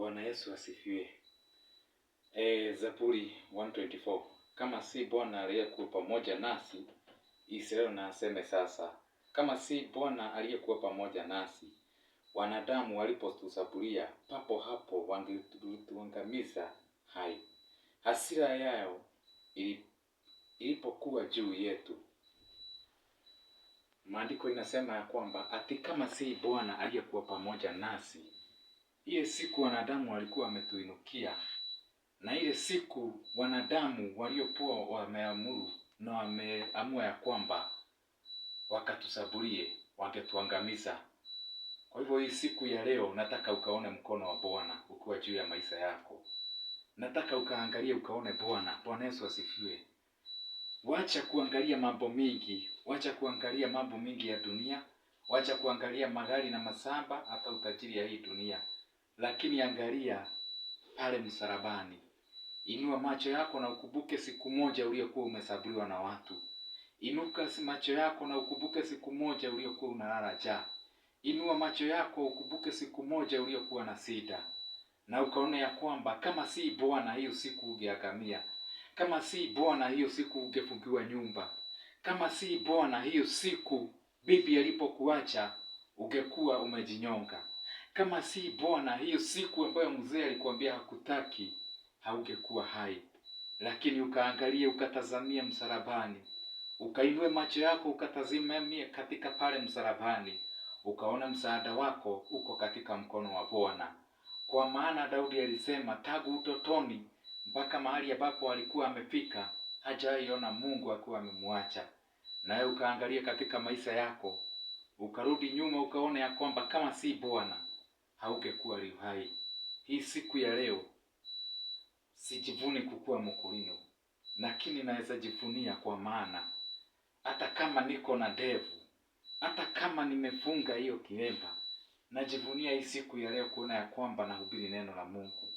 Bwana Yesu asifiwe. E, Zaburi 124. Kama si Bwana aliyekuwa pamoja nasi, Israeli na aseme sasa, kama si Bwana aliyekuwa pamoja nasi, wanadamu walipotusabulia, papo hapo wangetuangamiza hai. Hasira yao ilipokuwa juu yetu, maandiko inasema ya kwamba ati kama si Bwana aliyekuwa pamoja nasi ile siku wanadamu walikuwa wametuinukia, na ile siku wanadamu waliopoa wameamuru na wameamua ya kwamba wakatusaburie, wangetuangamiza. Kwa hivyo hii siku ya leo, nataka ukaone mkono wa Bwana ukiwa juu ya maisha yako. Nataka ukaangalie ukaone Bwana. Bwana Yesu asifiwe. Wacha kuangalia mambo mingi, wacha kuangalia mambo mingi ya dunia, wacha kuangalia magari na masamba, hata utajiri ya hii dunia. Lakini angalia pale msalabani, inua macho yako na ukumbuke siku moja uliyokuwa umesabuliwa na watu. Inuka macho yako na ukumbuke siku moja uliyokuwa unalala njaa. Inua macho yako ukumbuke siku moja uliyokuwa na sida, na ukaona ya kwamba kama si Bwana hiyo siku ungeangamia, kama si Bwana hiyo siku ungefungiwa nyumba, kama si Bwana hiyo siku bibi alipokuacha ungekuwa umejinyonga. Kama si Bwana, hiyo siku ambayo mzee alikwambia hakutaki, haungekuwa hai. Lakini ukaangalia ukatazamia msarabani ukainue macho yako, ukatazamia katika pale msarabani ukaona msaada wako uko katika mkono wa Bwana. Kwa maana Daudi alisema tangu utotoni mpaka mahali ambapo alikuwa amefika hajaiona Mungu akiwa amemwacha. Nawe ukaangalia katika maisha yako, ukarudi nyuma, ukaona ya kwamba kama si Bwana haungekuwa li Hii siku ya leo sijivuni kukuwa mkulino, lakini naweza jivunia kwa maana hata kama niko na devu hata kama nimefunga hiyo kilemba, najivunia hii siku ya leo kuona ya kwamba nahubiri neno la Mungu.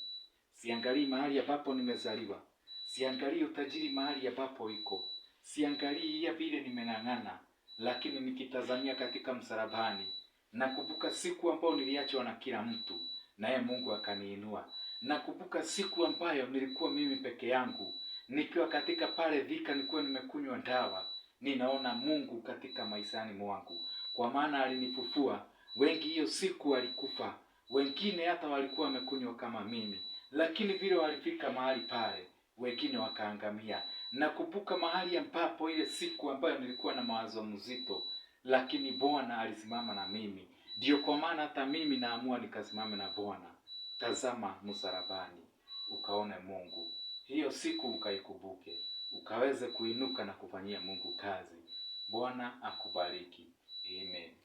Siangalii mahali ambapo nimezaliwa, siangalii utajiri mahali ambapo iko, siangalii ya vile nimenang'ana, lakini nikitazamia katika msalabani Nakumbuka siku ambayo niliachwa na kila mtu, naye Mungu akaniinua. Nakumbuka siku ambayo nilikuwa mimi peke yangu, nikiwa katika pale dhika, nilikuwa nimekunywa dawa, ninaona Mungu katika maishani mwangu, kwa maana alinifufua. Wengi hiyo siku walikufa, wengine hata walikuwa wamekunywa kama mimi, lakini vile walifika mahali pale, wengine wakaangamia. Nakumbuka mahali ambapo ile siku ambayo nilikuwa na mawazo mzito lakini Bwana alisimama na mimi. Ndiyo kwa maana hata mimi naamua nikasimame na Bwana. Tazama msarabani ukaone Mungu. Hiyo siku ukaikumbuke, ukaweze kuinuka na kufanyia Mungu kazi. Bwana akubariki. Amen.